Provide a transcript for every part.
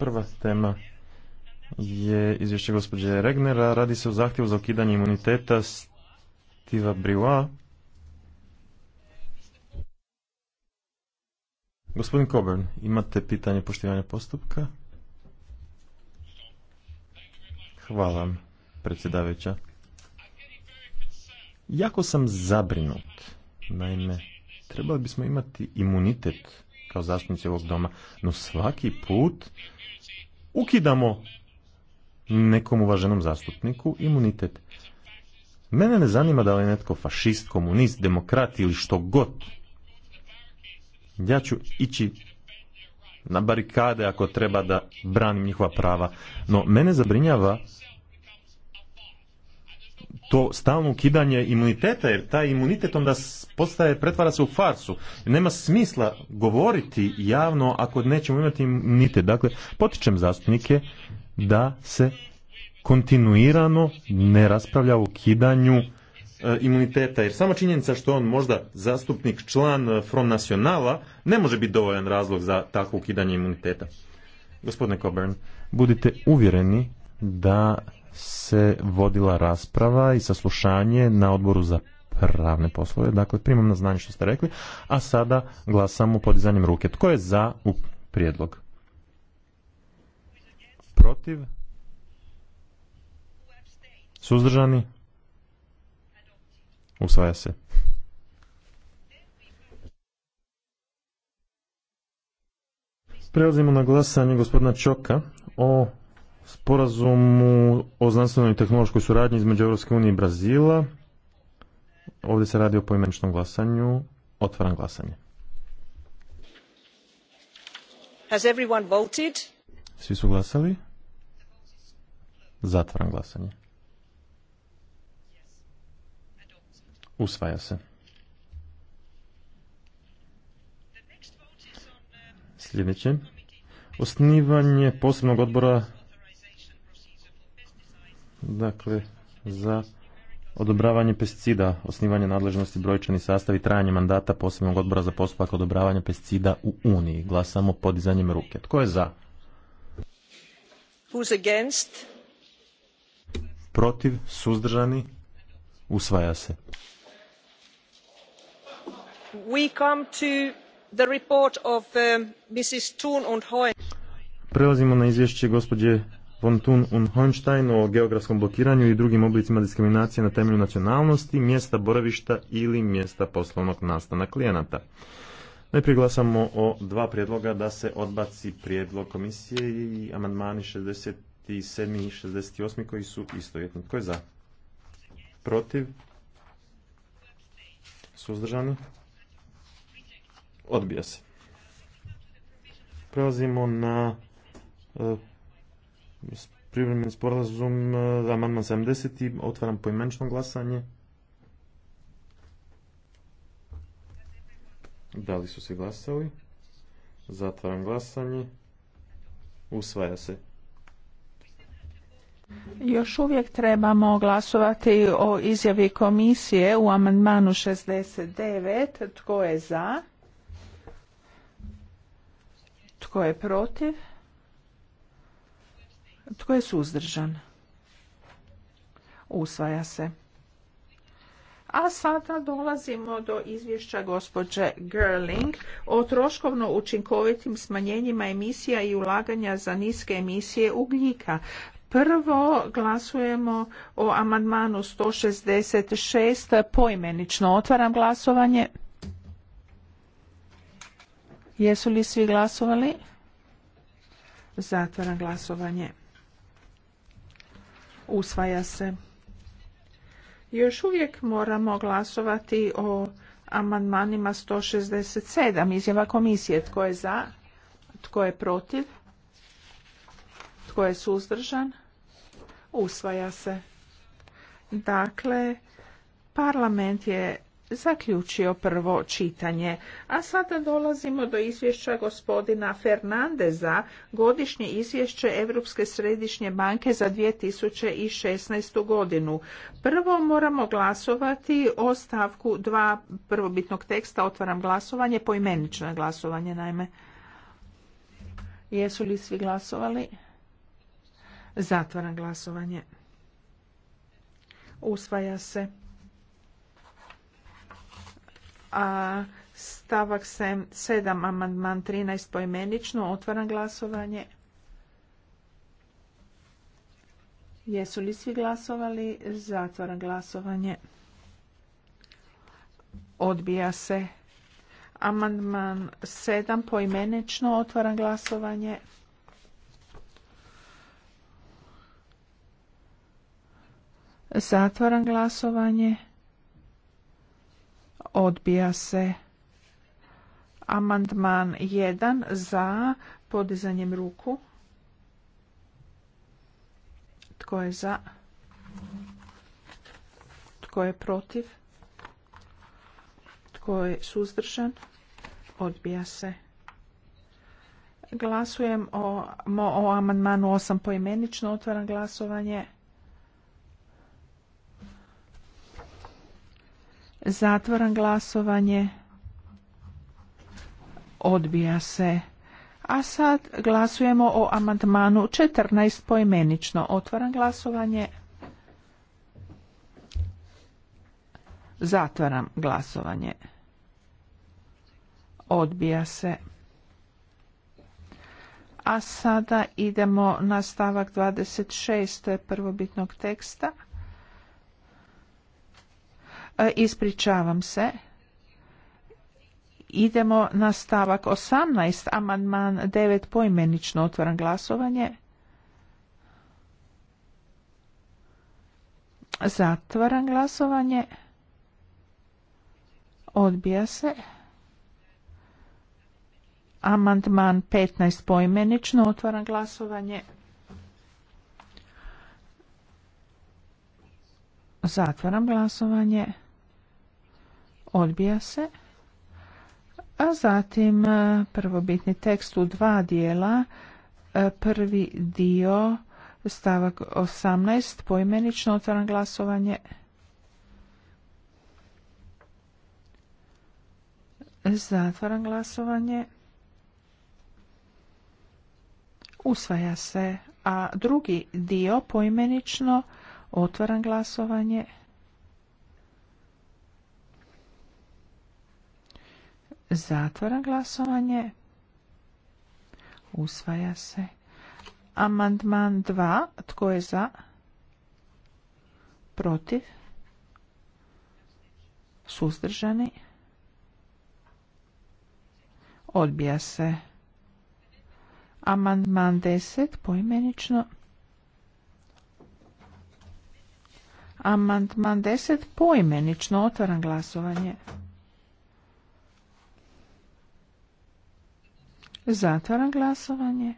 Prva tema je izvješće gospođe Regnera. Radi se o zahtjevu za ukidanje imuniteta Stiva Briwa. Gospodin Coburn, imate pitanje poštivanja postupka? Hvala, predsjedavajuća. Jako sam zabrinut. Naime, trebali bismo imati imunitet kao zastupnici ovog doma, no svaki put ukidamo nekom uvaženom zastupniku imunitet. Mene ne zanima da li je netko fašist, komunist, demokrat ili što god. Ja ću ići na barikade ako treba da branim njihova prava. No, mene zabrinjava to stalno ukidanje imuniteta, jer taj imunitet onda postaje, pretvara se u farsu. Nema smisla govoriti javno ako nećemo imati imunitet. Dakle, potičem zastupnike da se kontinuirano ne raspravlja o ukidanju e, imuniteta, jer samo činjenica što on možda zastupnik, član e, Front Nacionala, ne može biti dovoljan razlog za takvo ukidanje imuniteta. Gospodine Coburn, budite uvjereni da se vodila rasprava i saslušanje na odboru za pravne poslove. Dakle, primam na znanje što ste rekli, a sada glasamo podizanjem ruke. Tko je za u prijedlog? Protiv? Suzdržani? Usvaja se. Prelazimo na glasanje gospodina Čoka o sporazumu o znanstvenoj i tehnološkoj suradnji između Europske unije i Brazila. Ovdje se radi o poimeničnom glasanju. Otvaram glasanje. Svi su glasali. Zatvaram glasanje. Usvaja se. Sljedeće. Osnivanje posebnog odbora dakle, za odobravanje pesticida, osnivanje nadležnosti brojčani sastav i trajanje mandata posebnog odbora za postupak odobravanja pesticida u Uniji. Glasamo podizanjem ruke. Tko je za? Who's against? Protiv, suzdržani, usvaja se. We come to the report of Mrs. Um, Prelazimo na izvješće gospođe von Thun und o geografskom blokiranju i drugim oblicima diskriminacije na temelju nacionalnosti, mjesta boravišta ili mjesta poslovnog nastana klijenata. Najprije glasamo o dva prijedloga da se odbaci prijedlog komisije i amandmani 67. i 68. koji su istovjetni. Tko je za? Protiv? Suzdržani? Odbija se. Prelazimo na e, Privremen sporazum e, amandman 70. Otvaram poimenično glasanje. Da li su se glasali? Zatvaram glasanje. Usvaja se. Još uvijek trebamo glasovati o izjavi komisije u amandmanu 69. Tko je za? Tko je protiv? Tko je suzdržan? Usvaja se. A sada dolazimo do izvješća gospođe Gerling o troškovno učinkovitim smanjenjima emisija i ulaganja za niske emisije ugljika. Prvo glasujemo o amandmanu 166 poimenično. Otvaram glasovanje. Jesu li svi glasovali? Zatvaram glasovanje. Usvaja se. Još uvijek moramo glasovati o amandmanima 167. Izjava komisije. Tko je za? Tko je protiv? Tko je suzdržan? Usvaja se. Dakle, parlament je zaključio prvo čitanje. A sada dolazimo do izvješća gospodina Fernandeza, godišnje izvješće Europske središnje banke za 2016. godinu. Prvo moramo glasovati o stavku dva prvobitnog teksta. Otvaram glasovanje, poimenično glasovanje naime. Jesu li svi glasovali? Zatvaram glasovanje. Usvaja se a stavak 7, amandman 13 poimenično, otvaram glasovanje. Jesu li svi glasovali? Zatvaram glasovanje. Odbija se. Amandman 7 poimenično, otvaram glasovanje. Zatvaram glasovanje. Odbija se. Amandman 1 za podizanjem ruku. Tko je za? Tko je protiv? Tko je suzdržan? Odbija se. Glasujem o, amandmanu 8 poimenično. Otvaram glasovanje. Zatvoran glasovanje. Odbija se. A sad glasujemo o amandmanu 14 poimenično. Otvaram glasovanje. Zatvaram glasovanje. Odbija se. A sada idemo na stavak 26. prvobitnog teksta. E, ispričavam se. Idemo na stavak 18, amandman 9 poimenično otvaram glasovanje. Zatvaram glasovanje. Odbija se. Amandman 15 poimenično otvaram glasovanje. Zatvaram glasovanje. Odbija se. A zatim e, prvobitni tekst u dva dijela. E, prvi dio stavak 18 poimenično otvaram glasovanje. Zatvaram glasovanje. Usvaja se. A drugi dio poimenično otvaram glasovanje. Zatvaram glasovanje. Usvaja se. Amandman 2. Tko je za? Protiv? Suzdržani? Odbija se. Amandman 10. Poimenično. Amandman 10. Poimenično. Otvaram glasovanje. Zatvaram glasovanje.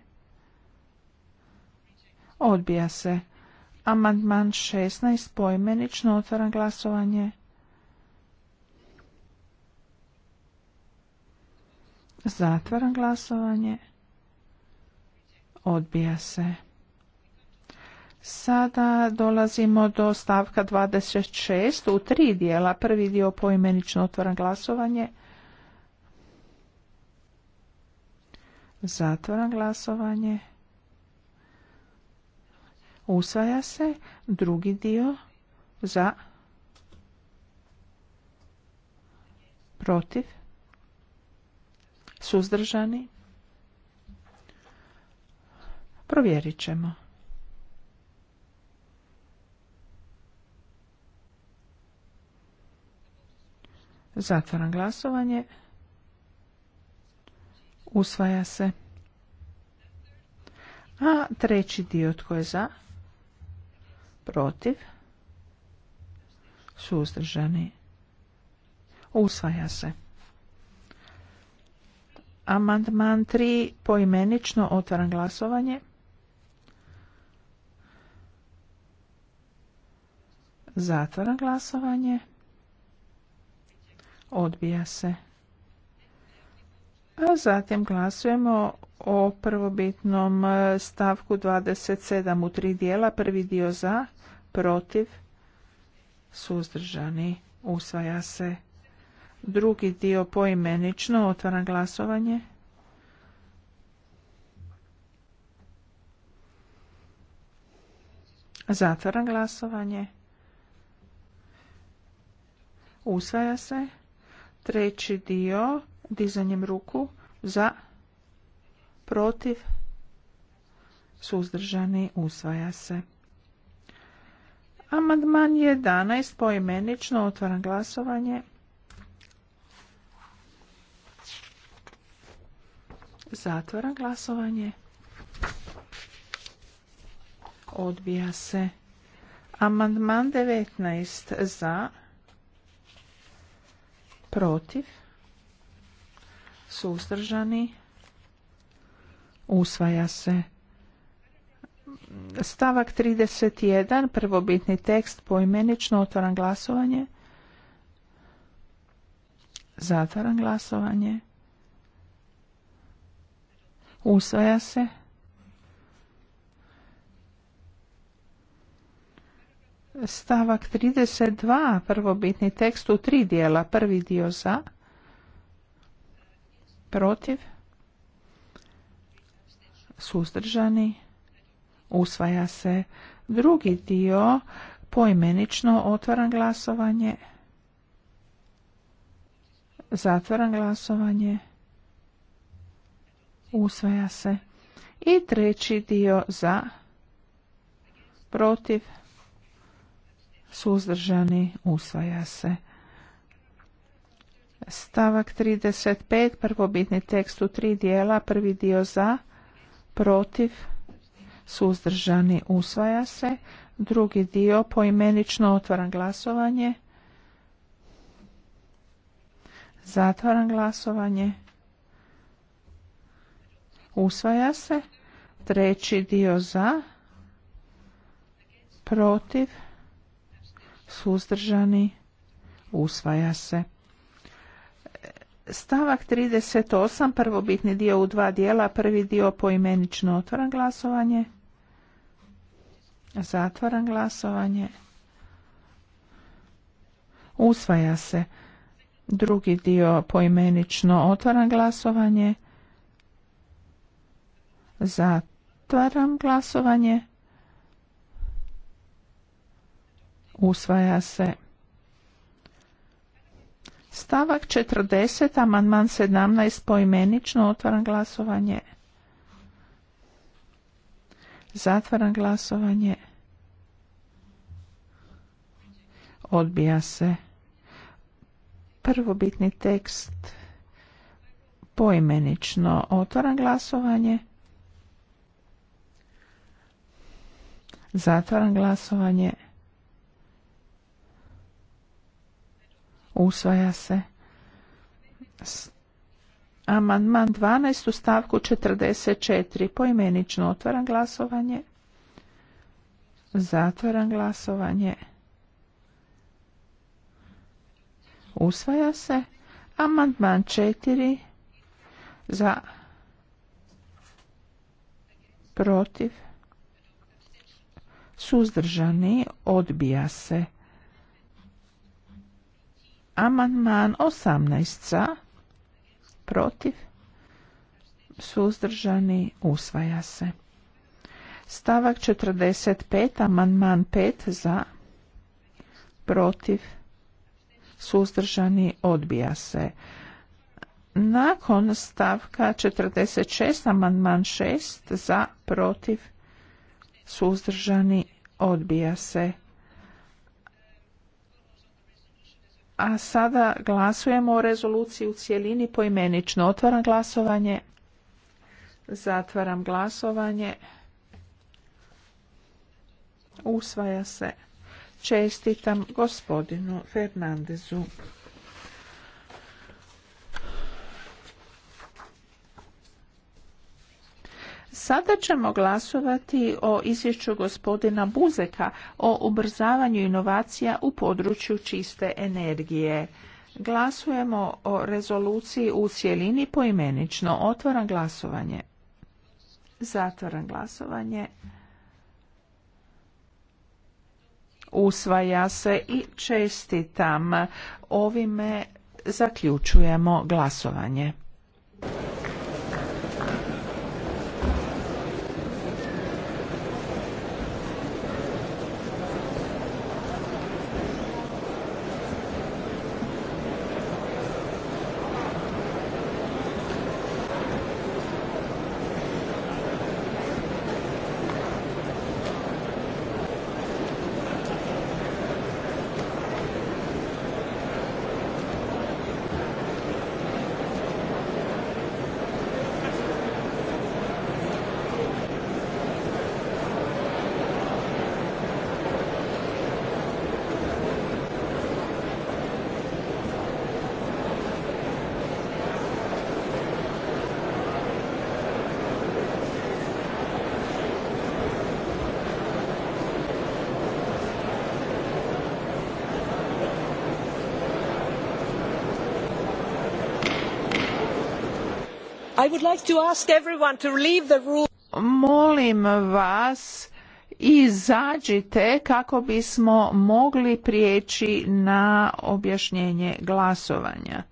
Odbija se. Amandman 16 poimenično otvaram glasovanje. Zatvaram glasovanje. Odbija se. Sada dolazimo do stavka 26 u tri dijela. Prvi dio poimenično otvaram glasovanje. Zatvoram glasovanje. Usvaja se drugi dio za protiv suzdržani. Provjerit ćemo. Zatvaram glasovanje. Usvaja se. A treći dio tko je za? Protiv? Suzdržani? Usvaja se. Amandman 3 poimenično otvaram glasovanje. Zatvaram glasovanje. Odbija se. A zatim glasujemo o prvobitnom e, stavku 27 u tri dijela. Prvi dio za, protiv, suzdržani, usvaja se. Drugi dio poimenično, otvaram glasovanje. Zatvaram glasovanje. Usvaja se. Treći dio dizanjem ruku za protiv suzdržani usvaja se. Amandman 11 poimenično otvaram glasovanje. Zatvaram glasovanje. Odbija se. Amandman 19 za protiv suzdržani usvaja se stavak 31 prvobitni tekst poimenično otvaram glasovanje zatvaram glasovanje usvaja se stavak 32 prvobitni tekst u tri dijela prvi dio za protiv, suzdržani, usvaja se. Drugi dio, poimenično, otvaram glasovanje, zatvaram glasovanje, usvaja se. I treći dio za, protiv, suzdržani, usvaja se. Stavak 35, prvobitni tekst u tri dijela, prvi dio za, protiv, suzdržani, usvaja se. Drugi dio, poimenično otvaram glasovanje. Zatvaram glasovanje. Usvaja se. Treći dio za, protiv, suzdržani, usvaja se. Stavak 38, prvobitni dio u dva dijela, prvi dio poimenično otvoran glasovanje, zatvoran glasovanje, usvaja se drugi dio poimenično otvaram glasovanje zatvaram glasovanje usvaja se Stavak 40, amandman 17, poimenično, otvaram glasovanje. Zatvaram glasovanje. Odbija se. Prvobitni tekst poimenično. Otvaram glasovanje. Zatvaram glasovanje. usvaja se. Amandman 12 u stavku 44 poimenično otvaram glasovanje. Zatvaram glasovanje. Usvaja se. Amandman 4 za protiv suzdržani odbija se. Amandman 18 za, protiv, suzdržani, usvaja se. Stavak 45, amandman 5 za, protiv, suzdržani, odbija se. Nakon stavka 46, amandman 6 za, protiv, suzdržani, odbija se. A sada glasujemo o rezoluciji u cjelini poimenično. Otvaram glasovanje. Zatvaram glasovanje. Usvaja se. Čestitam gospodinu Fernandezu. Sada ćemo glasovati o izvješću gospodina Buzeka o ubrzavanju inovacija u području čiste energije. Glasujemo o rezoluciji u cjelini poimenično. Otvaram glasovanje. Zatvaram glasovanje. Usvaja se i čestitam. Ovime zaključujemo glasovanje. Molim vas izađite kako bismo mogli prijeći na objašnjenje glasovanja.